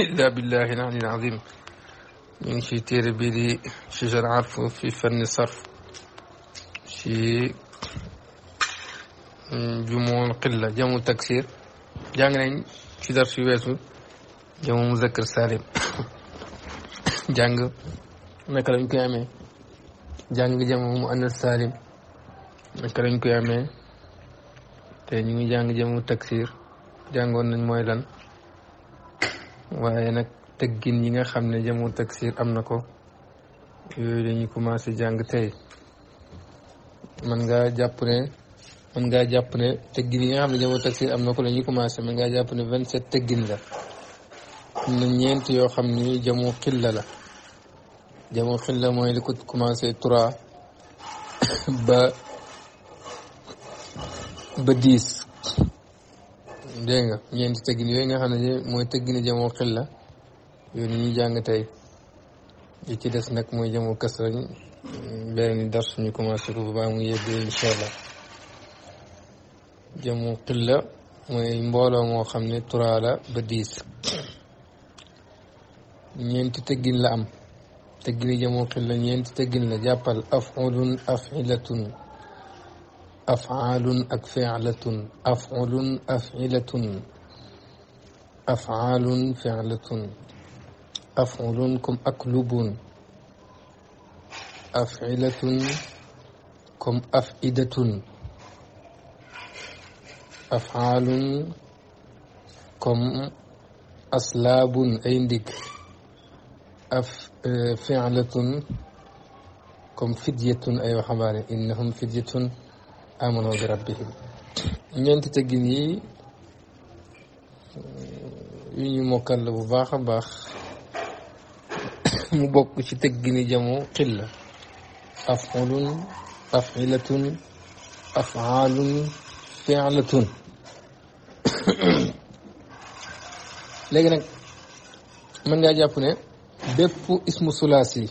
إلا بالله العلي العظيم من شي تيربيلي شي عارفو في فن صرف شي جمون قلة جمون تكسير جانغرين شي دار شي ويسو جمون مذكر سالم جانغ نكرم كيامي جانغ جمون مؤنس سالم نكرم كيامي تاني جانغ جمون تكسير جانغون نجمو waaye nag tëggin ñi nga xam ne jamu taksir am na ko yooyu dañuy commencé jàng tey man ngaa jàpp ne man ngaa jàpp ne tëggin yi nga xam ne jamu taksir am na ko la ñuy commencé man ngaa jàpp ne vingt sept tëggin la am na ñeent yoo xam ni jamu xilla la jamu la mooy li ko commencé trois ba ba dix dégg nga ñeenti tëggin yooyu nga xam ne mooy tëggin jamoo xil la yooyu ni jàng tey li ci des nag mooy jamoo kas lañ beneen dar suñu commencé ko ba mu yegg incha allah jamoo xil la mooy mbooloo moo xam ne trois la ba dix ñeenti tëggin la am tëggini jamoo xil la ñeenti tëggin la jàppal afulun afilatun أفعال أكفعلة أفعل أفعلة أفعال فعلة أفعل كم أكلب أفعلة كم أفئدة أفعال كم أسلاب عندك أف فعلة كم فدية أيها حباري إنهم فدية amano bi rabbihim ñeenti tëggin yi ñu mokkal la bu baax a baax mu bokk ci tëggini jamu xilla afulun afilatun afaalun fialatun léegi nag mën ngaa jàpp ne bépp ismu sulaasi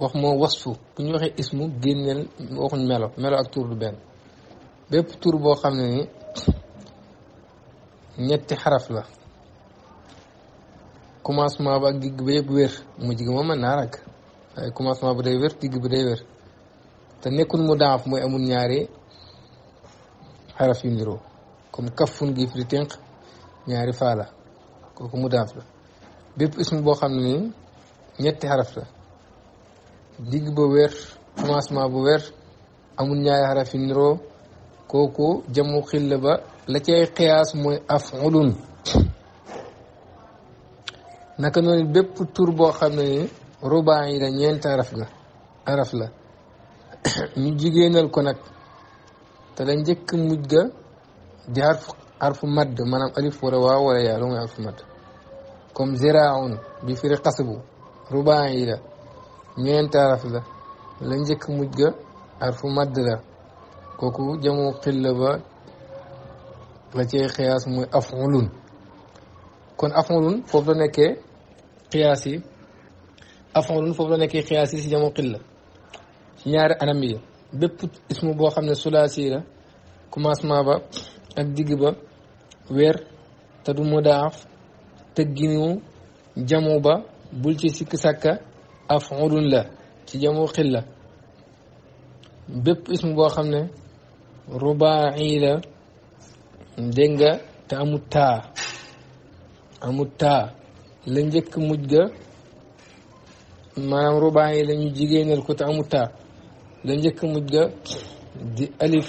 wax moo wasfu bu ñu waxee ismu génneel waxuñ melo melo ak tuur du benn bépp tur boo xam ne ni ñetti xaraf la commencement bu ak digg ba yëpp wér mujj gi moom mën naa rag waaye commencement bu day wér digg ba day wér te nekkul mu daaf mooy amul ñaari xaraf yu niroo comme kafun gi firi tënk ñaari boo xam ne ñetti xaraf digg ba wér commencement bu wér amul ñaari xaraf yu niroo kooku jamu xill ba la cay xiyaas mooy afulun naka noonu bépp tur boo xam ne ni rubaa yi la ñeent araf la araf la ñu jigéenal ko nag te la njëkk muj ga di arf arfu madd maanaam alif wala waaw wala yaa lu mooy arfu madd comme ziraaun bi firi xasbu rubaa yi la ñeent araf la la njëkk mujj ga arfu madd la kooku jamu xilla ba la cee xiyaas muy afulun kon afulun foofu la nekkee xiyaas yi afulun foofu la nekkee xiyaas yi si jamu xilla si ñaari anam yi bépp ismu boo xam ne sulaasi la commencement ba ak digg ba weer te du mudaaf tëgginu jamu ba bul ci sikk sàkka afulun la ci jamu xilla bépp ismu boo xam ne rubaaci la dégg nga te amut taa amut taa la njëkk mujj ga maanaam rubaaci la ko te amut taa la njëkk mujj ga di alif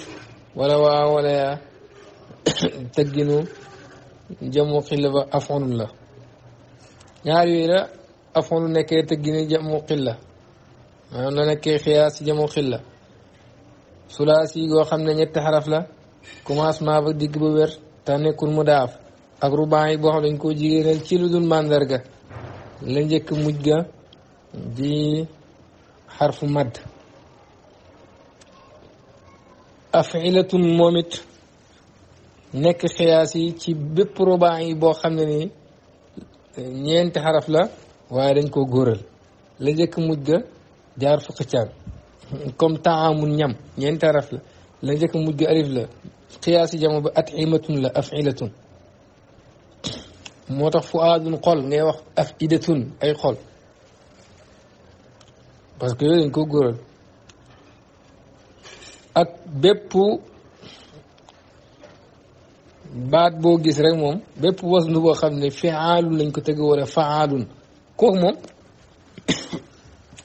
wala waa wala yaa tegginu jamu xilla ba afoon la ñaar yooyu la afoon lu nekkee tegginu jamu xilla maanaam na nekkee xiyaas jamu xilla sulaas yoo xam ne ñetti xaraf la commencement ba digg ba wér te nekkul mu daaf ak ruban yi boo xam dañ koo jigéenal ci lu dul màndarga la njëkk mujj ga di xarfu madd afilatun moom it nekk xiyaas yi ci bépp ruban yi boo xam ne nii ñeenti xaraf la waaye dañ koo góoral la njëkk mujj ga jaar fu xëccaan كم طعام نعم يعني تعرف لا لديك مجد أريف لا قياسي جمع بأطعمة لا أفعلة موتخ فؤاد قول نعم أفئدة أي قول بس كيو دين كو قول بعد بو جيس رأي موم بيبو وزنو بخم نفعال فعال كو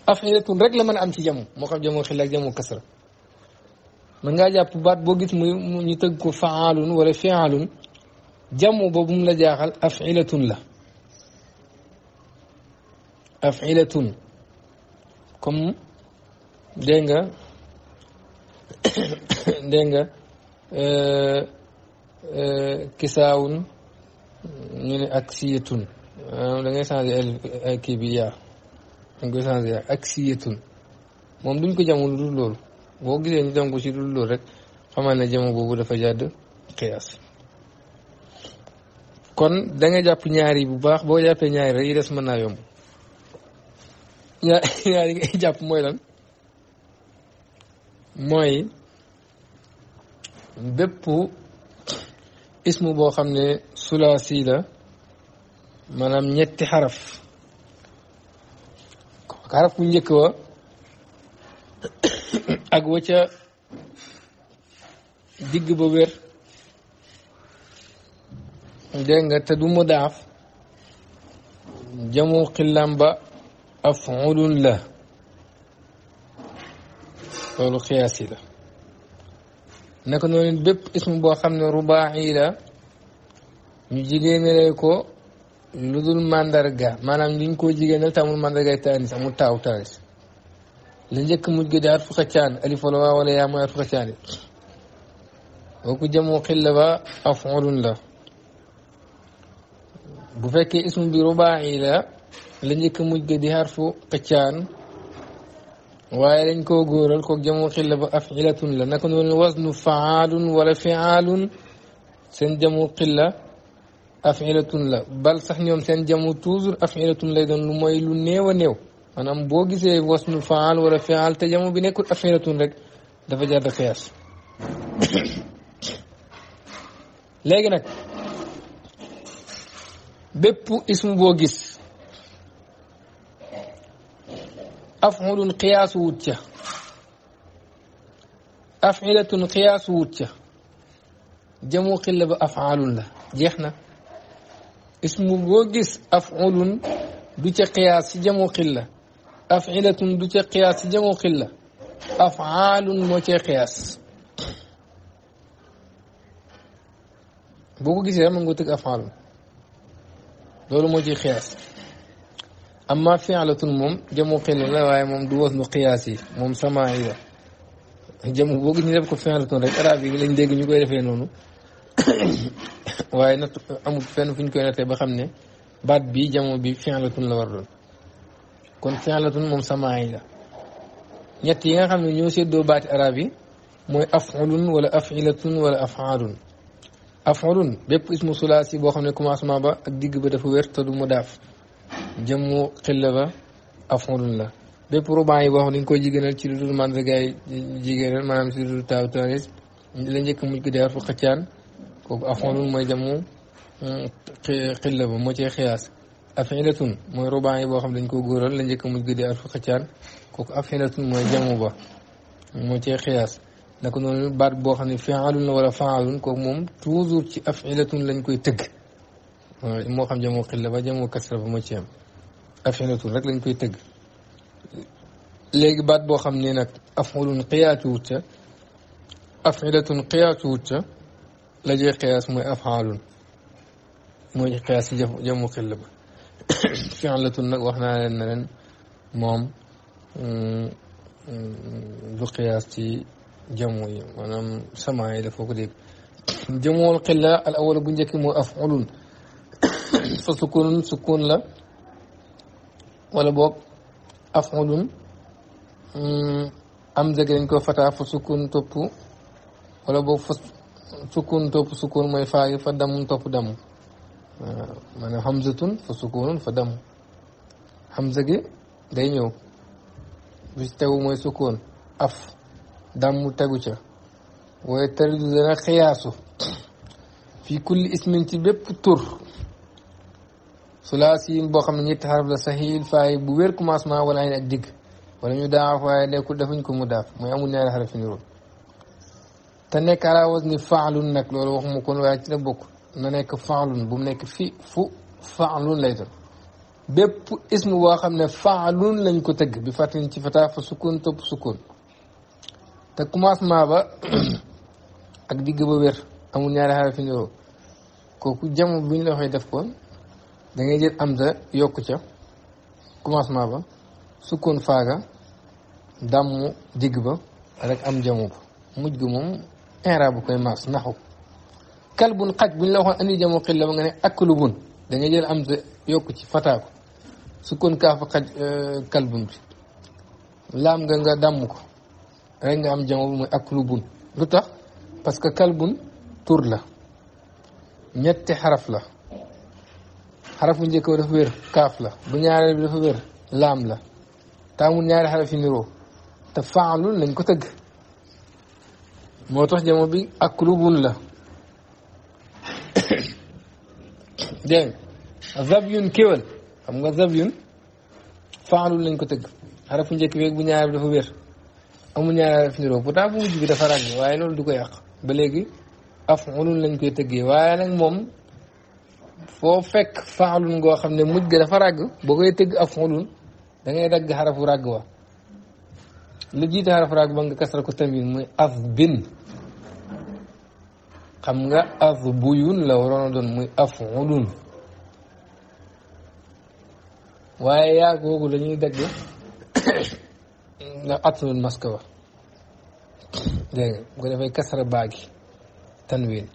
afilatun rek la mën a am ci jamu moo xam jamu xilla ak jamu kasra mën ngaa jàpp baat boo gis muy ñu tëgg ko faalun wala fialun jamu boobu mu la jaaxal afilatun la afilatun comme dégg nga dégg nga euh, euh, kisaawun ñu ne ak siyatun ah, da ngay changé kii bi yaa dañ koy changé aksiyatun moom duñ ko jamu lu dul loolu boo gisee ñu jam ci lu dul loolu rek xamal ne jamu boobu dafa jàdd xiyaas kon da jàpp ñaari bu baax boo jàppee ñaari rek yi des mën naa yomb ñaari ngay jàpp mooy lan mooy bépp ismu boo xam ne sulaasi la maanaam ñetti xaraf xaraf bu njëkk wa ak wa ca digg ba wér dégg nga te du daaf jamu xillam ba afulun la loolu xiyaasi la naka noonu bépp ismu boo xam ne rubaaxi la ñu jigéen lay ko lu mandarga maanaam liñ koo jigéenal te amul mandarga taanis amul taaw taanis la njëkk mujj gi di at alif wala waa wala yaa mooy at fu xëccaan boo ba af'ulun la bu fekkee ismu bi rubaa'i la la njëkk mujj gi harfu xëccaan waaye dañ ko góoral kooku jëmoo xilla ba af'ilatun la naka noonu wasnu fa'aalun wala fi'aalun seen jëmoo xilla afilatun la bal sax ñoom seen jamu toujours afilatun lay doon lu mooy lu néew a néew maanaam boo gisee wasnu faal wala faal te jamu bi nekkul afilatun rek dafa jar de xiyaas léegi nag bépp ismu boo gis afulun xiyaasu wut ca afilatun xiyaasu wut ca jamu xilla ba afaalun la jeex na ismu boo gis afulun du ca xiyaas ci jamu xilla afilatun du ca xiyaas ci jamu xilla moo cee xiyaas boo ko gisee mën nga tëgg afaalun loolu moo ciy xiyaas amma fialatun moom jamu xilla la waaye moom du was nu xiyaas yi moom samaa yi la jamu boo gis ñu def ko fialatun rek arab yi lañ dégg ñu koy defee noonu waaye natt amul fenn fu ñu koy nattee ba xam ne baat bi jamono bi fi'latun la war doon kon fi'latun moom samaay la ñett yi nga xam ne ñoo séddoo baati araab yi mooy af'ulun wala af'ilatun wala af'alun af'ulun bépp ismu sulaasi boo xam ne commencement ba ak digg ba dafa wér te du mu daaf jëmmu xilla ba af'ulun la bépp ruban yi boo xam ne dañ koy jigéenal ci lu dul mandargaay la njëkk mujj ko dee arfu xëccaan kooku afonun mooy jamu xilla ba moo cee xiyaas afilatun mooy rubaan yi boo xam dañ ko góoral la njëkk mujj gëdee arfu xëccaan kooku afilatun mooy jamu ba moo cee xiyaas naka noonu baat boo xam ne fi'alun la wala fa'alun kooku moom toujours ci afilatun lañ koy tëgg moo xam jamu xilla ba jamu kasra ba moo ci am afilatun rek lañ koy tëgg léegi baat boo xam ne nag afulun xiyaatu wut ca afilatun xiyaatu wut ca la jëy qiyaas mooy afaalun mooy qiyaas ci jëm mukalla ba fi'latun nag wax naa leen ne leen moom du qiyaas ci jamu yi maanaam samaa yi dafoo ko dégg jamuwul qilla al awal bu njëkk mooy af'ulun fa sukunun sukun la wala boog af'ulun am dëgg dañ ko fataa fa sukun topp wala boog fa sukkun topp sukkun mooy faa gi fa damun topp damu waaw maanaam hamzatun fa sukkunun fa damu hamza gi day ñëw bu ci tegu mooy sukkun af damu tegu ca waaye taridu dana xiyaasu fii kulli ismin ci bépp tur sulaas yi boo xam ne ñetti xaraf la saxiil faay bu wér commencement wala ay ak digg wala ñu daaf waaye nekkul defuñ ko mu daaf mooy amul ñaari xaraf yu niróo te nekk ala wazni faalun nag loolu waxuma kon waaye ci la bokk na nekk faalun bu mu nekk fi fu faalun lay doon bépp ismu boo xam ne faalun lañ ko tëgg bi fatin ci fataa fa sukkoon topp sukkoon te commencement ba ak digg ba wér amul ñaari fi niroo kooku jamono bu ñu la waxee def koon dangay ngay jël am da yokk ca commencement ba sukkoon faaga dàmmu digg ba rek am jamu ba mujj gi moom inra bu koy maas naxu kalbun xaj buñ la waxoon andi jamo xilla ba nga ne aklubun da nga jël am yokk ci fataa ko sukkoon kaafa xaj euh, kalbun bi laam nga nga dàmm ko rek nga am jamo bu mooy aklubun lu tax parce que kalbun tur la ñetti xaraf la xarafu njëkk dafa wér kaaf la bu ñaareel bi dafa wér laam la taamul ñaari xaraf yi niroo te faalul lañ ko tëgg moo tax jamo bi aklubun la dégg nga zabyun kéwal xam nga zabyun lañ ko tëgg xarafu njëkk beeg bu ñaareel dafa wér amul ñaareel daf niroo pourtant bu mujj bi dafa ràññee waaye loolu du koy yàq ba léegi afulun lañ koy tëggee waaye nag moom foo fekk faalun ngoo xam ne mujj ga dafa ràgg boo koy tëgg afulun da ngay dagg xarafu ràgg wa lu jiite xarafu ràgg ba nga kasra ko tamit muy af bin xam nga af bu yun la waroon a doon muy af xudun waaye yaa googu dañuy dagg ndax atnul maska wax dégg nga bu ko defee baagi tanwin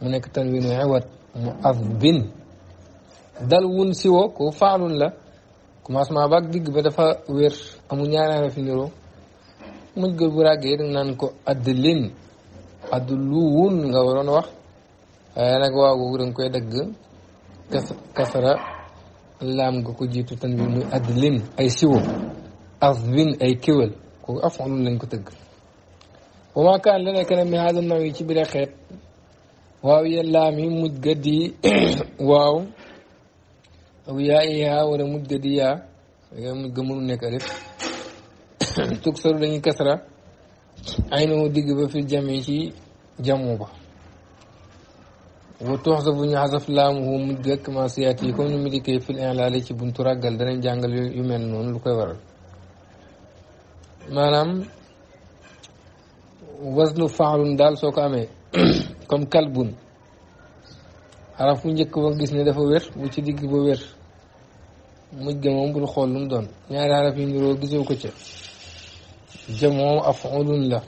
mu nekk tanwin xewat mu af bin dal wun si wo ko faalun la commencement baag digg ba dafa wér amu ñaaraara fi niroo mujj gër bu ràggee da naan ko add adluun nga waroon wax waaye nag waaw googu da koy dagg kasara laam nga ko jiitu tan bi muy ay siwo azbin ay kéwél kooku af'ulun lañ ko tëgg wa maa kaan la nekk ne mi naw yi ci biir xeet waaw ye laam yi muj gadi waaw aw yaa i yaa wala muj gadi yaa yooyu muj ga mënu nekk alif tuksaru dañuy kasara ay na digg ba fi jami ci jamu ba bu tuxsafu ñu xasaf laamuhu mujj gëkk ma siyaat yi comme ni mu dikkee fil ilaali ci buntu ràggal danañ jàngal yu mel noonu lu koy waral maanaam wasnu faalun daal soo ko amee comme kalbun xaraf bu njëkk ba gis ne dafa wér bu ci digg ba wér mujj ga moom bul xool lu mu doon ñaari xaraf yi niroo gisoo ko ca jamoo afulun la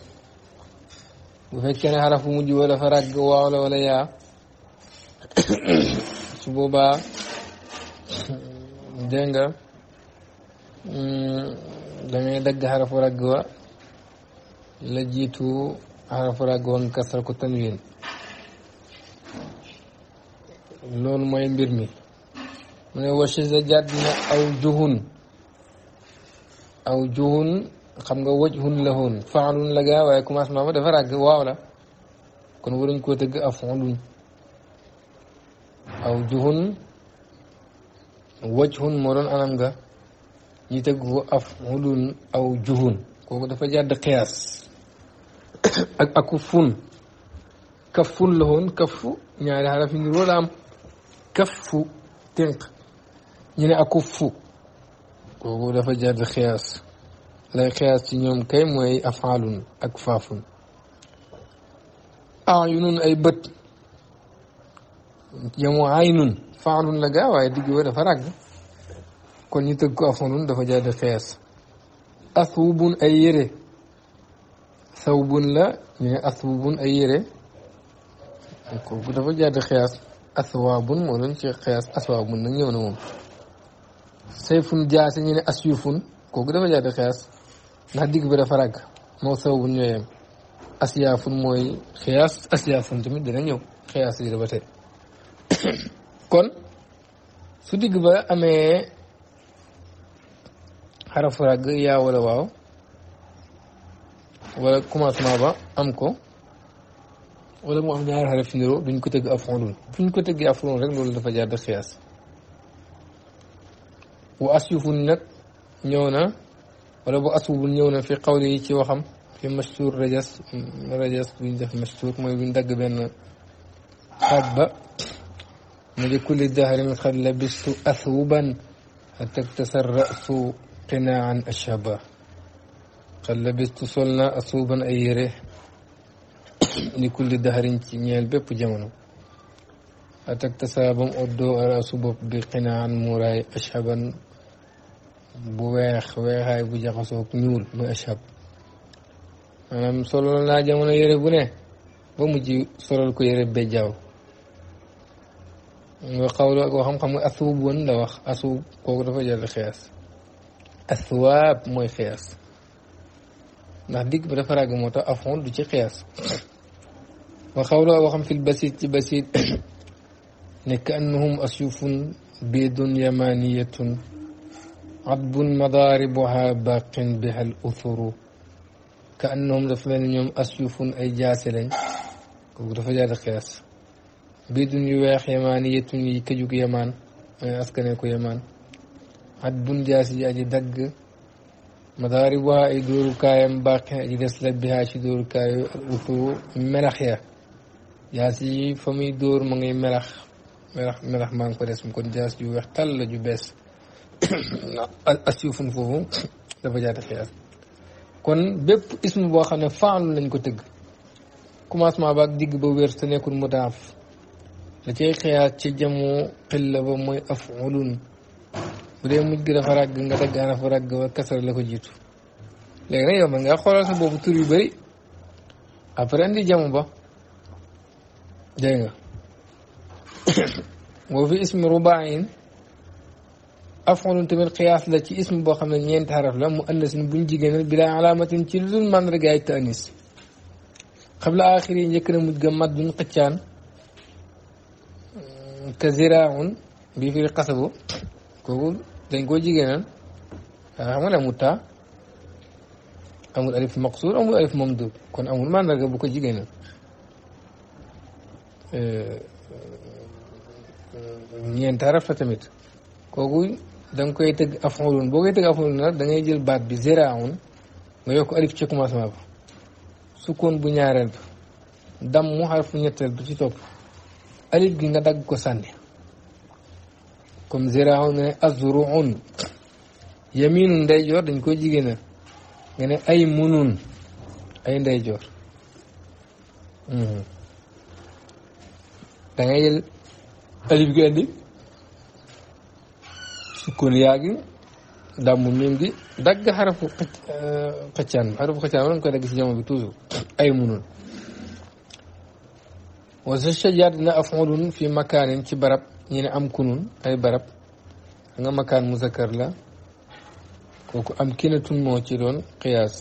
bu fekkee ne xaraf bu mujj wala fa ràgg waaw la yaa su boobaa dégg nga mm, da dagg xarafu ragg wa la jiitu xarafu ràgg wa nga kasal ko tanwin loolu mooy mbir mi mu ne wasiza jàdd na aw juhun aw juhun xam nga wajhun lahun faalun la gaa waaye commencement ba dafa ràgg waaw la kon waruñ koo tëgg afulun aw juhun wajhun moo doon anam nga ñi tëgg ko afulun aw juhun kooku dafa jàdd xiyaas ak aku fun kafun lahoon kafu ñaari xaraf yi niroo la am kafu tënk ñu ne aku fu kooku dafa jàdd xiyaas lay xiyaas ci ñoom kay mooy afaalun ak faafun ayunun ay bët jamu aynun faalun la gaa waaye digg woo dafa ràgg kon ñu tëgg ko afaalun dafa jaade xiyaas aswubun ay yére bun la ñu ne bun ay yére kooku dafa jaade xiyaas aswaabun moo doon ci xiyaas aswaabun nag ñëw na moom sayfun jaase ñu ne asyufun kooku dafa jaade xiyaas ndax digg bi dafa ràgg moo saw bu ñëwee asiyaafun mooy xiyaas asiyaafun tamit dina ñëw xiyaas yi ba tey kon su digg ba amee xarafu ràgg yaa wala waaw wala commencement ba am ko wala mu am ñaari xaraf niroo duñ ko tëgg af'uulun fuñ ko tëggee af'uulun rek loolu dafa jaar da xiyaas wa asyufun nag ñëw na wala bu asbu bu ñëw na fi xawli yi ci waxam fi mashtur rajas rajas bu ñu def mashtur mooy bu ñu dagg benn xaaj ba mu di kulli dahri min xad labistu athwuban hatta iktasar rasu qinaan ashaba xad labistu sol na asuuban ay yére li kulli dahrin ci ñeel bépp jamono hatta iktasar ba mu oddoo rasu bopp bi qinaan muuraay ashaban bu weex weexaay bu jaxasoog ñuul muy ashab maanaam solol naa jamono yére bu ne ba mujj solol ko yére bejjaaw nga xawlu ak xam-xam nga asuub woon la wax asuub kooku dafa jël xees aswaab mooy xees ndax digg ba dafa ràgg moo tax afon du ci xees wa xawlu ak xam fil basit ci basit nekk annahum asufun biidun yamaniyatun عبد مضاربها باق بها الاثر كانهم دفن يوم اسيوف اي جاسل كوك دفا جاد قياس بيد يواخ يمانية يكجوك يمان اي اسكنيكو يمان عبد جاسي اجي دق مضاربها اي دور كايم باق اي دسل بها شي دور كاي الاثر ملخيا جاسي فمي دور مغي ملخ ملخ ملخ مانكو دسم كون جاسي يواخ تل جو بيس asifun ah, ah, foofu dafa jaata xiyaas kon bépp ismu boo xam ne faalu lañ ko tëgg commencement ba ak digg ba wér te nekkul mudaaf la cay xiyaas ci jamu xilla ba mooy afulun bu dee mujj gi dafa ràgg nga dagg ana fa ràgg wa la ko jiitu léegi nag yow man ngaa xoolal sa boobu tur yu bëri après indi jamu ba dégg nga boo fi ismu rubaayin afoon tamit xiyaas la ci ism boo xam ne ñeenti xaraf la mu annasin buñ jigéenal bilaa alaamatin ci lu dul màndargaay te anis xabla axir yi njëkk na mujj ga mat duñ xëccaan mm, ka ziraun bii firi xasabu kooku dañ koo jigéenal waaye ah, xam nga ne amul alif maqsuur amul alif mamduud kon amul màndarga bu ko jigéenal eh, ñeenti xaraf la tamit kooku da koy tëgg af'ulun boo koy tëgg af'ulun nag da ngay jël baat bi ziraun nga yokk alif ci commencement ba sukkoon bu ñaareel bi dam mu xarfu ñetteel bi ci topp alif gi nga dagg ko sànni comme ziraun nga ne azruun yaminun ndeyjoor dañ koy jigéenal nga ne ay munun ay ndeyjoor hmm. da jël alif gi andi sukkoon yaa gi damu miim gi dagg xarafu euh, xëccaan bi xarafu xëccaan wala nga koy dagg si jamono bi toujours ay munul wa sa shajaat dina afulun fi makaanin ci barab ñu ne am kunun ay barab nga makaan muzakkar la kooku am kinatun moo ci doon qiyaas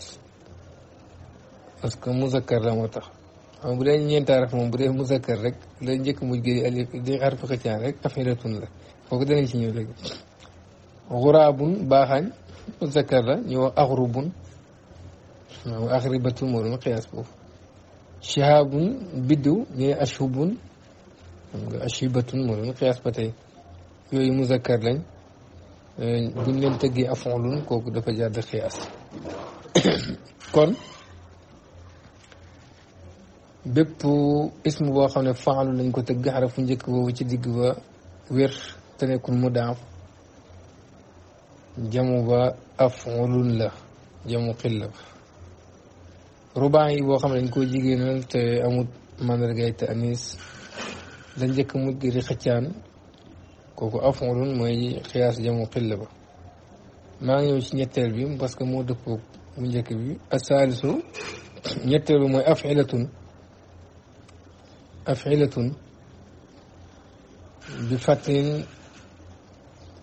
parce que muzakkar la moo tax xam bu dee ñeenti araf moom bu dee muzakkar rek la njëkk mujj gi alif di xarafu xëccaan rek afiratun la kooku danañ ci ñëw léegi xuraabun baaxaañ muzakkar la ñu wax axrubun waaw axribatun moo doon xiyaas foofu shihaabun biddiw ñu ne ashubun xam nga ashibatun moo doon xiyaas ba tey yooyu muzakkar lañ buñ leen tëggee afonlun kooku dafa jàdd xiyaas kon bépp ismu boo xam ne faalu lañ ko tëgg xarafu njëkk boobu ci digg ba wér te nekkul mu daaf jamu ba afulun la jamu xil la ruban boo xam ne dañ koo jigéenal te amut mandargay te anis la njëkk mut gi di xëccaan kooku afulun mooy xiyaas jamu xil ba maa ngi ñëw ci ñetteel bi parce que moo dëppoo bu njëkk bi asaalisu ñetteelu mooy afilatun afilatun bi fatin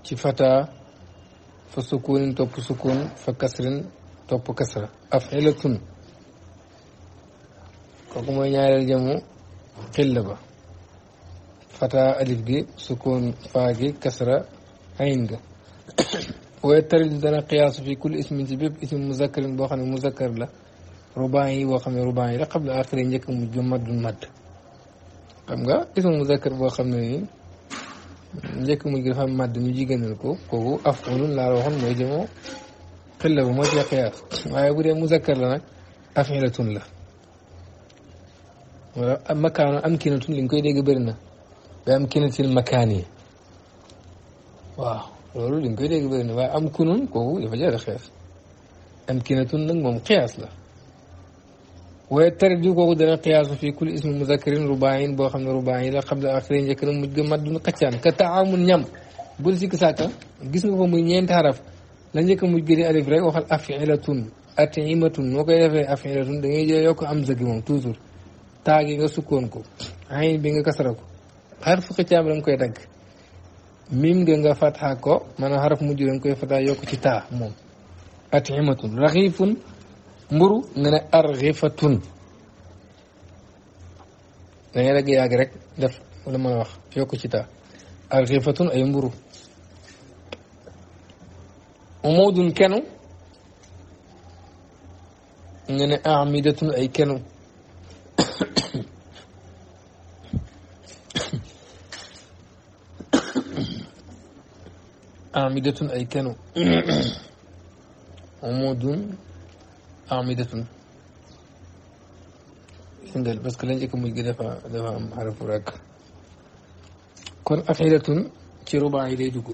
ci fata fa sukunin topp sukun fa kasrin topp kasra afilatun kooku mooy ñaareel jëmu xilla ba fata alif gi sukun faa gi kasra ayn ga waaye tarid dana qiyaasu fi kulli ismin ci bépp ism muzakkarin boo xam ne muzakkar la rubaan yi boo xam ne rubaan yi la qabla axiri njëkk mujj maddun madd xam nga ism muzakkar boo xam ne nii njëkk mu dafa am màdd ñu jigéenal ko kooku af ulun laa la waxoon mooy jëmoo xilla ba mooy yaqiyaat waaye bu dee muzakkar la nag afilatun la wala makaanu am kinatun li nga koy dégg bëri na ba am kinatil makaan yi waaw loolu li nga koy dégg bëri na waaye am kunun kooku dafa nag moom xiyaas la waaye tere di kooku dana xiyaasu fii kulli ismi muzakkarin rubaayin boo xam ne rubaayin la qabla axiri njëkk na mujj ga maddun xaccaan ka taamul ñam bul sikk sàkka gis nga ko muy ñeenti xaraf la njëkk mujj ga di alif rek waxal noo koy defee afilatun da ngay jël am zagi moom toujours taa gi nga sukkoon ko ayn bi nga kasara ko xarfu xiccaam da nga koy dagg mim nga nga fatxa ko maanaam xaraf mujj da nga koy fatxa yokk ci taa moom atimatun raxiifun mburu nga ne arxifatun da ngay rek yàgg rek def wala mën a wax yokk ci taa arxifatun ay mburu umudun kenu nga ne amidatun ay kenu amidatun ay kenu umudun أعمدة سندل بس كلن جيكم مجد دفع دفع معرف راك كون أخيرة تي ربع إلي دوكو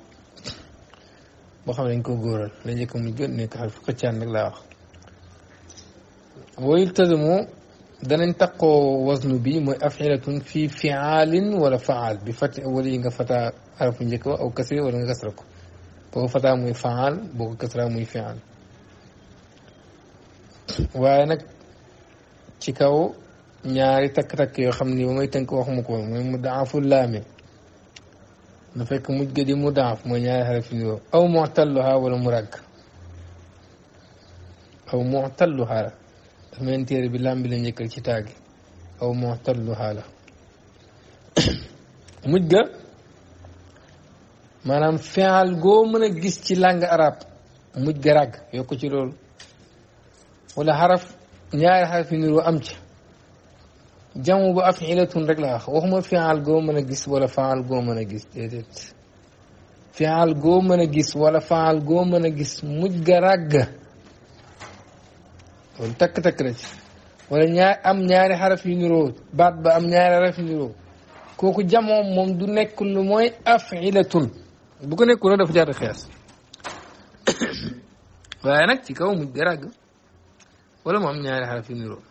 بخام لنكو غورا لن جيكم مجد نيك حرف قتشان نك لاخ ويلتزمو دان انتقو وزنو بي مو أفعلة في فعال ولا فعال بفتح أولي ينغ فتا عرف نجيكو أو كسري ولا نغسركو بو فتا مو فعال بو كسرا مو فعال waaye nag ci kaw ñaari takk-takk yoo xam ni ba may tënk waxuma ko mooy mu daaful laame na fekk mujj ga di mu daaf mooy ñaari xaraf yi aw muxtalluha wala mu ràgg aw muxtalluha la dafa mel téere bi lam bi ci taagi aw muxtalluha la mujj ga maanaam fi'al goo mën a gis ci langue arabe mujj ga ràgg yokk ci loolu ولا حرف نيار حرف نور أمج جمع بأفعلة رجل آخر وهم في عال قوم من الجس ولا فعل قوم من الجس ديت في عال قوم من الجس ولا فعل قوم من الجس مجرق ولتك تكرش ولا نيار أم نيار حرف نور بعد بأم نيار حرف نور كوكو جمع ممدونة كل موي أفعلة بكون كل هذا في جار خياس وأنا تكوم مجرق wala moo am ñaari xaraf yu niroo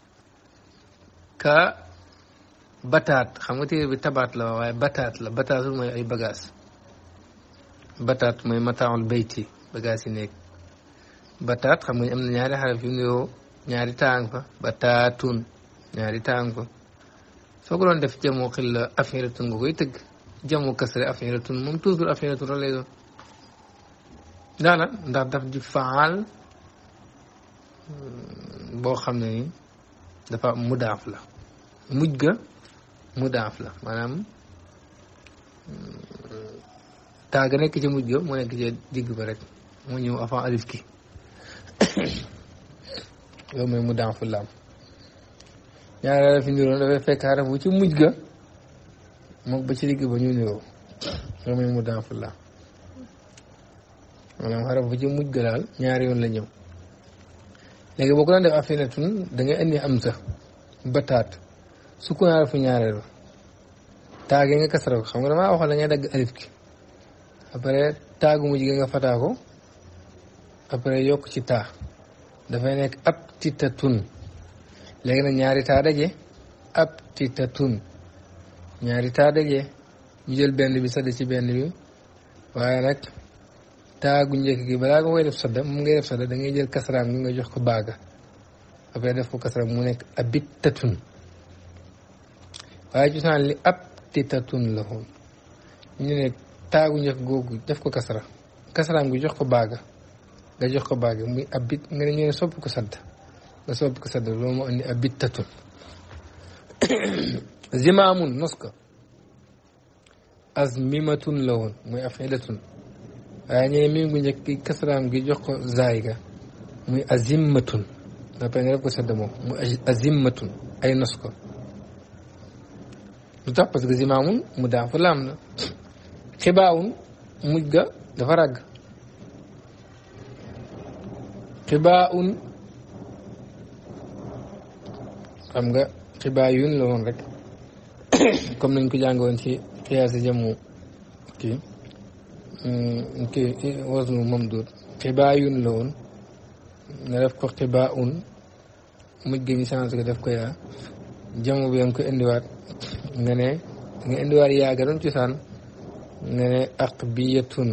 ka bataat xam nga téere bi tabaat la waaye bataat la bataatul mooy ay bagaas bataat mooy mataaul bayti bagaas yi nekk bataat xam nga am na ñaari xaraf yu niroo ñaari taang fa bataatun ñaari taang fa soo ko doon def jamu xilla afiratun nga koy tëgg jamu kasre afiratun moom toujours afiratun lay doon ndax daf di faal boo xam ne ni dafa mudaaf la mujj ga mudaaf la maanaam mm, taa ga nekk ci mujj ga moo nekk ci digg ba rek moo ñëw avant alif ki loolu mooy mudaaf la ñaari alif niroon dafay fekk xaraf ci mujj ga mook ba ci digg ba ñu niroo loolu mooy mudaaf la maanaam xaraf ci mujj ga daal ñaari yoon la ñëw léegi boo ko daan def afinatun da ngay indi am sa bataat sukkoon arfu ñaareelu taage nga kasara xam nga damaa waxoon la ngay dagg alif ki après taagu mujj gi nga fataa après yokk ci taa dafay nekk ab titatun léegi nag ñaari taa daje ab titatun ñaari taa daje ñu jël benn bi sadd ci benn bi waaye nag taagu gu njëkk gi balaa nga koy def sadda moom ngay def sadda da ngay jël kasraam gi nga jox ko baaga dafay def ko mu nekk abit tatun waaye cosaan li ab ti tatun la woon ñu def ko kasra kasraam gi jox ko baaga nga jox ko baaga muy abit nga ne ko sadda nga ko sadda loolu moo andi zimaamun nos ko azmimatun la woon muy afilatun waaye ñu ne mim gu njëkk gi kasaraam gi jox ko zaay ga muy azimmatun nga pare nga def ko sedda moom muy azimmatun ay nos ko lu tax parce zimaamun mu daa fa laam la xibaawun mujj ga dafa ràgg xibaaun xam nga xibaa yun la woon rek comme nañ ko jàngoon ci xiyaasi jamu kii kii wasnu mamduud def ko xibaaun mujj gi def ko yaa jamono ko indiwaat nga indiwaat yaa ga doon cosaan nga ne aqbiyatun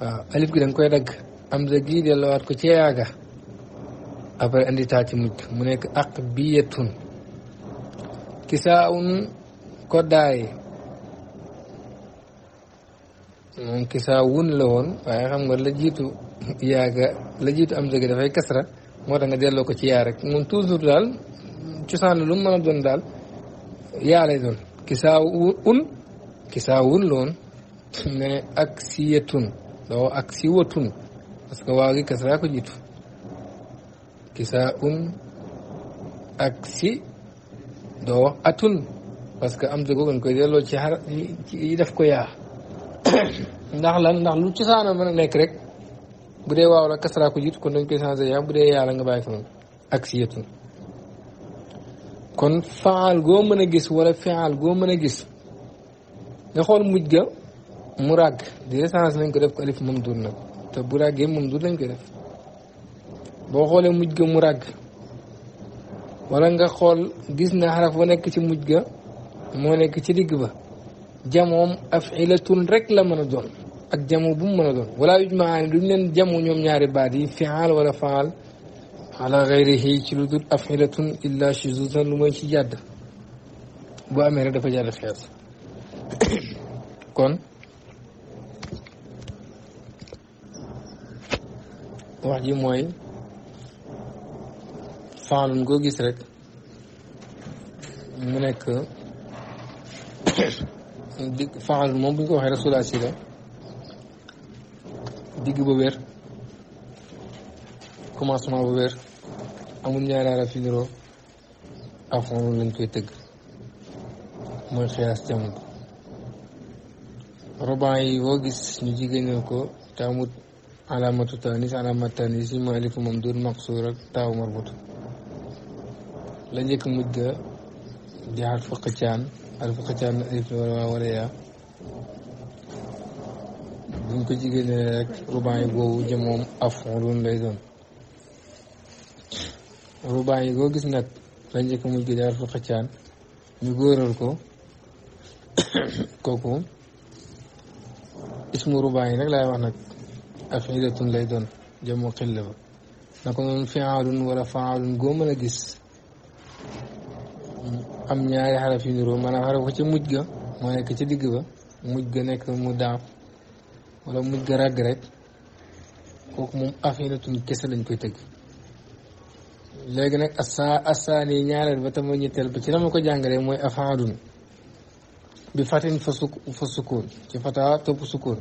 waaw alif gi koy dagg am da gii ko ci yaa ga ci mu nekk aqbiyatun kisaaun moom kisaa wun la woon waaye xam nga la jiitu yaaga la am jege dafay kasra moo tax nga delloo ko ci yaa rek moom toujours daal cosaan lu mu doon daal yaa lay doon kisaa wun la woon mais ak siyatun doo ak siwatun parce que waaw gi kasra ko jiitu kisaa un ak doo wax atun parce que am jege nga delloo ci xar yi def ko yaa ndax lan ndax lu cosaanoo man a nekk rek bu dee waaw la kasra kon dañ koy changé yaa bu dee yàlla nga bàyyi fa ak si yëtu kon faal goo mën a gis wala faal goo mën a gis nga xool mujj ga mu ràgg di changé nañ ko def ko alif moom dur nag te bu ràggee moom dur dañ koy def boo xoolee mujj ga mu ràgg wala nga xool gis ne xaraf boo nekk ci mujj ga moo nekk ci digg ba jamoom afilatun rek la mën a doon ak jamo bu mu mën a doon wala yujmaani duñ leen jamo ñoom ñaari baat wala faal ala gayrihi ci lu dul afilatun illa shuzuzan lu mooy ci jàdd bu amee rek dafa jàdd xees kon wax mooy faalun koo gis rek nekk dig faxal moom bu ñu ko waxee rek sulaa si la digg ba wér commencement ba wér amul ñaari araf yu niroo ak moom lañ koy tëgg mooy xiyaas jamono roban yi boo gis ñu jigéenal ko te amut alaamatu tanis alaamatu tanis yi mooy alifu moom duun maqsuur ak marbut la njëkk mujj ga di xarfu xëccaan alfuqataan alif wala wala yaa buñ ko jigéen ne rek ruban yi googu jëm moom afulun lay doon ruban yi goo gis nag la njëkk mujj gi daal alfuqataan ñu góoral ko kooku ismu ruban yi nag laay wax nag afilatun lay doon jëmu xilla ba na ko noonu fiaalun wala faalun goo mën a gis am ñaari xaraf yu niroo maanaam xaraf ko ca mujj ga moo nekk ci digg ba mujj ga nekk mu daaf wala mujj ga ràgg rek kooku moom afinatun kese lañ koy tëgg léegi nag asa asaani ñaareel ba tama ñetteel ba ci dama ko jàngalee mooy afaadun bi fatin fa suk fa sukkoon ci fata topp sukkoon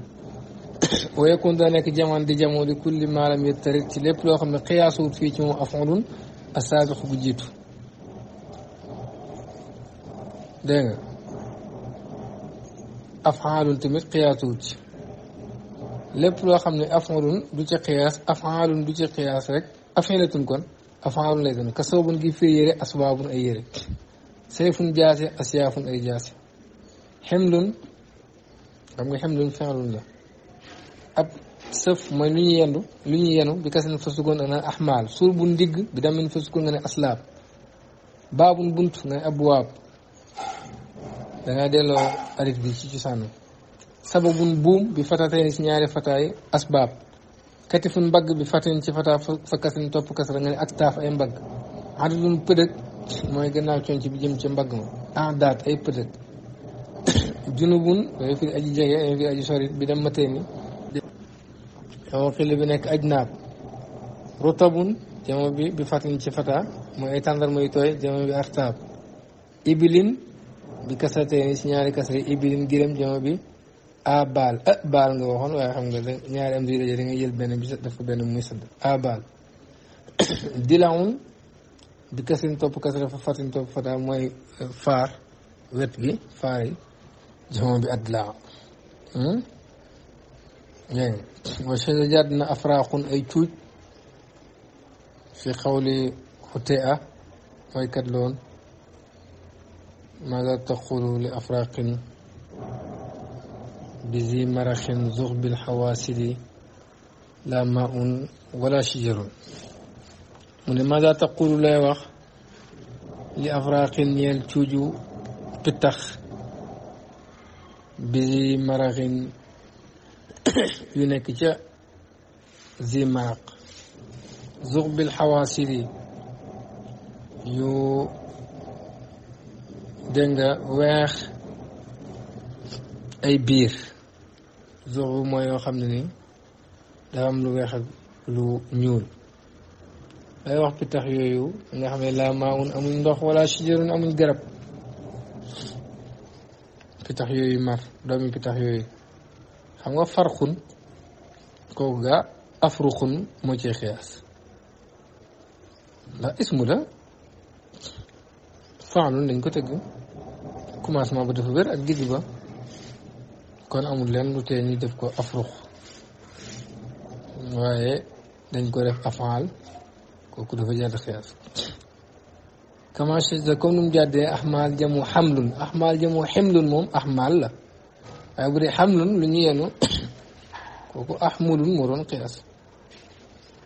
waaye kon nekk jamono di jamono di kulli maalam yettarit ci lépp loo xam ne xiyaasu fii ci moom afaadun asaabiqu bu jiitu dégg nga afaalun tamit xiyaasuwut ci lépp loo xam ne afaalun du ci xiyaas afaalun du ci xiyaas rek afilatun kon afaalun lay doon kasoobun gi fee yére asbaabun ay yére sayfun jaase asiyaafun ay jaase xemlun xam nga xemlun fexlun la ab sëf mooy lu ñu yendu lu ñu yenu bi kasin fa sugoon nga ne suur bu ndigg bi damin fa sugoon nga ne aslaab baabun bunt nga ne abwaab da delloo alif bi ci cosaanam sababun buum bi fatatay ni si ñaari fataay asbaab katifun mbagg bi fatin ci fataa fa kasin topp kasara nga ne ak taaf ay mbagg adadun pëdëg mooy gannaaw conc bi jëm ci mbagg ma ahdaat ay pëdëg junubun dafay firi aji jege dafay firi aji sorit bi dem matee ni jamoo xilli bi nekk aj naat rutabun jamoo bi bi fatin ci fataa mooy ay tàndarma yu tooy jamoo bi artaab ibilin bi kasratee ni si ñaari kasra ibilin gërëm jama bi a baal baal nga waxoon waaye xam nga da ñaari am dida da nga jël benn bi def ko benn muy sadd a baal dilawun bi kasrin topp kasra fa fatin topp fata mooy euh, faar wet gi faar yi jama bi ak dilaa hmm? dégg nga wa ay cuuj fi xawli xute a mooy kat ماذا تقول لأفراق بذي مرخ زغب الحواسد لا ماء ولا شجر من ماذا تقول لا وخ لأفراق يلتوج بتخ بذي مرخ ينكجا ذي مرق زغب الحواسد يو dégg nga weex ay biir zoxu mooy yoo xam ne ni dafa am lu weex ak lu ñuul day wax pitax yooyu nga xam ne laa maa un amuñ ndox wala sijarun amuñ garab pitax yooyu mar doomi pitax yooyu xam nga farxun kooku gaa afruxun moo ci xiyaas ndax ismu la فعل لنكو تجو كما اسمع بده غير الجذبة كان أمر لهم نتاني دفكو أفرخ وهي دنكو ريف أفعال كوكو دفجة الخياس كما شجد كون مجادة أحمال جمو حمل أحمال جمو حمل مهم أحمال لا أقول حمل لنيانو كوكو أحمل مرون قياس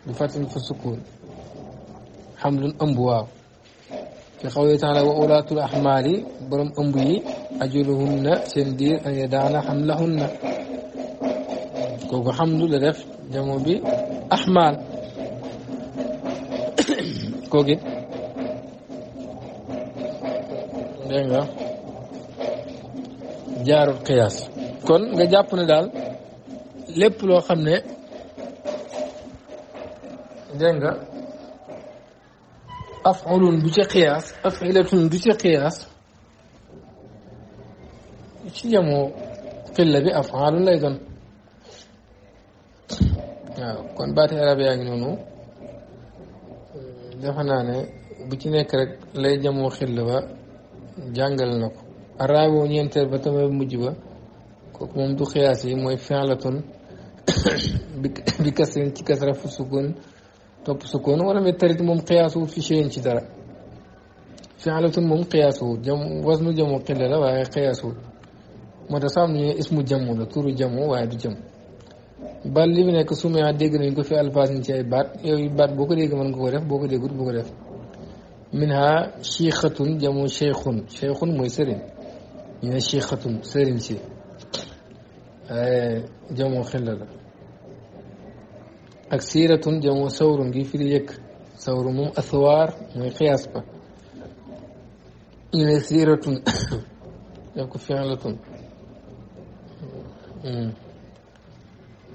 بفاتن في السكون حمل أمبواه li xawli taala wa ulaatul ahmaali borom ëmb yi ajaluhunna seen diir an yadaana xamlahunna xamdu la def jamono bi ahmaal kooku it dégg nga jaarul kon nga jàpp daal lépp loo xam ne dégg afulun du ci xiyaas afilatun du ci xiyaas ci jamoo xilla bi afaalun lay doon waaw kon baati rab yaa ngi noonu defe naa ne bu ci nekk rek lay jamoo xilla ba jàngal na ko araaboo ñeenteel ba tamit mujj ba kooku moom du xiyaas yi mooy fi'latun bi kasrin ci kasra topp sukkoon wala mu tarit moom xiyaasu wut fi seen ci dara fi'latun moom xiyaasu wut jam wasnu jamu xilla la waaye xiyaasu wut moo tax sax mu jamu la turu jamu waaye du jam bal li mu nekk sumea dégg nañ ko fi alfaas ni ci ay baat yooyu baat boo ko dégg mën nga ko def boo ko déggut boo ko def minha chiixatun jamu cheikhun cheikhun mooy sëriñ ñu ne chiixatun sëriñ si jamu xilla ak siiratun jamu sawrun gi firi yëkk sawru moom aswaar mooy xiyaas ba ñu ne siiratun def ko fi'latun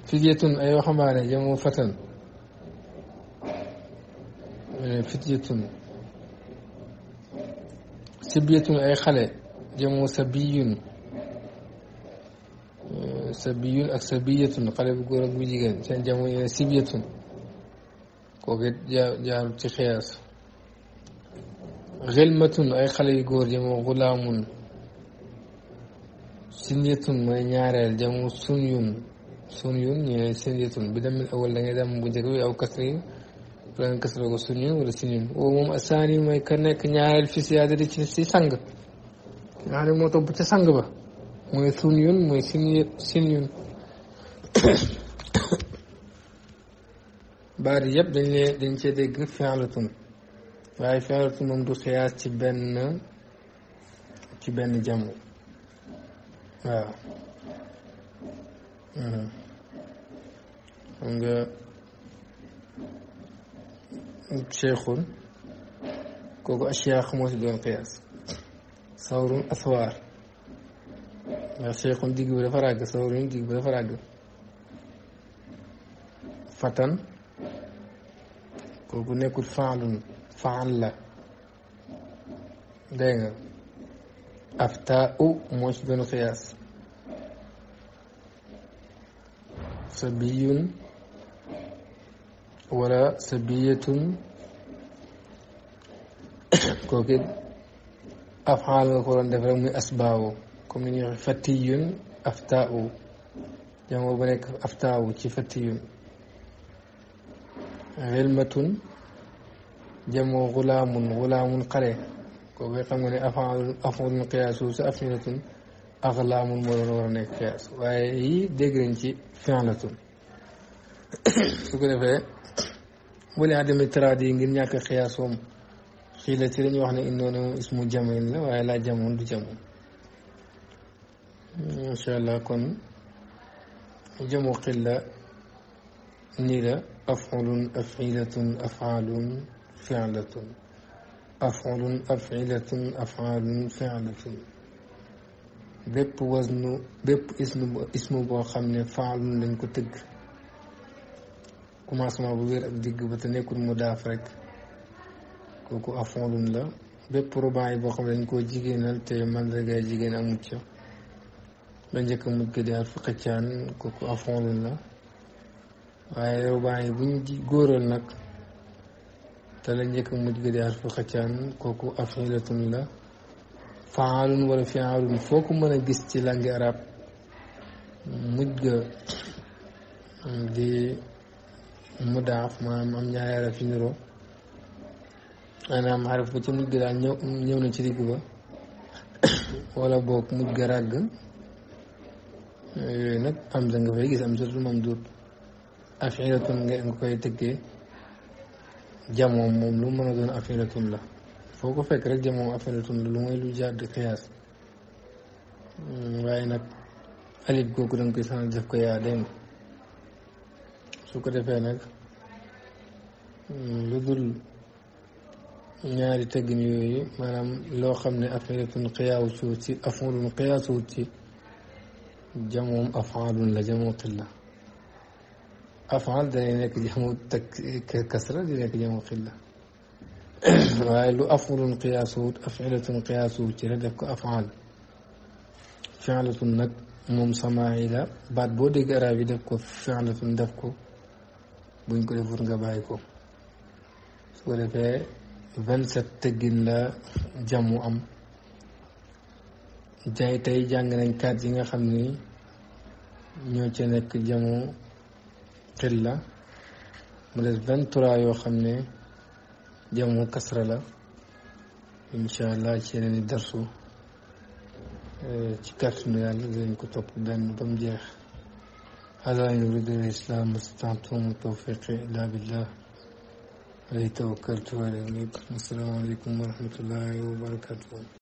fityatun ay waxambaane jamu fatan fityatun sibyatun ay xale jamu sabiyun sabiyun ak sabiyatun xale bu góor ak bu jigéen seen jamono yi ne sibiyatun kooku ci xiyaas xilmatun ay xale yu góor jamoo xulaamun sinyatun mooy ñaareel jamoo sunyun sunyun ñu ne sinyatun bi demil awal da ngay dem bu njëkk bi aw kasri wala nga kasra ko sunyun wala sinyun woo moom asaani mooy ka nekk ñaareel fi siyaadati ci sang nga moo topp ca sang ba mooy sun yun mooy sin yëpp sin yun baat dañ leen dañ cee dégg fi'latun waaye fi'latun moom du xiyaas ci benn ci benn jàmm waaw mm-hmm. xam nga cheikhun kooku asiyaaq moo si doon xiyaas sawrun aswaar ndax seexun digg bi dafa ràgg sawaruñ digg bi dafa ràgg fatan kooku nekkul faalun faal la dégg nga afta u moo ci doon xiyaas sabiyun wala sabiyatun kooku afaal nga ko doon def rek muy asbaawo comme ni ñuy waxee aftaaw jamoo bu nekk aftaaw ci fattiyun xelmatun waaye yi ci fi'latun su ko defee bu yi ngir ñàkk xiyaasoom xii la ci dañu wax ne indoona moom ismu jamin la waaye laa jamoon du jamoon ان شاء الله كن جمع قلة نلا أفعل أفعلة أفعال فعلة أفعل أفعلة أفعال فعلة بيب وزن بيب اسم اسم بوخامن فعل لنكو تك كما اسمع بغير ديك بتني كون مضاف كوكو افعل لا بيب رباعي بوخامن لنكو جيجينال تي مان رغا جيجين la njëkk mujj di nag te njëkk mujj di xarfu xëccaan kooku mën gis ci langue arab mujj ga di mudaaf maanaam am ñaari araf yu niroo maanaam xaraf bu ci mujj ga daal ñëw ñëw na ci digg ba wala boog mujj ga ràgg yooyu eh, nag da nga fay gis hamzatul mamduud afilatun nga koy tëgge jamoom moom lu mën a doon afilatun la foo ko fekk rek jamoom afilatun la lu mooy lu jàdd xiyaas waaye hmm, nag alif googu da koy sax def ko yaa dégg su ko defee nag hmm, lu dul ñaari tëggin yooyu maanaam loo xam ne afilatun xiyaasu ci afulun xiyaasu ci jamoom afaalun la jamoo xilla afaal danay nekk jamoo tak kasra di nekk jamoo xilla waaye lu afulun qiyaasuwut afilatun qiyaasuwut ci la def ko afaal fi'latun nag moom samaayi la baat boo dégg arab yi def ko fi'latun def ko buñ ko defut nga bàyyi ko su la jamu am jaay tey jàng nañ kaat yi nga xam ni ñoo ci nekk jamu xilla mu des vingt trois yoo xam ne jamu kasra la incha allah ci yeneen i darsu eh, ci kàttanu yàlla dinañ ko topp benn ba mu jeex hada yuridu islam mastata'tum tawfiqi illa billah alayhi tawakkaltu wa ilayhi unib assalaamu aleykum wa rahmatullahi wa barakatuh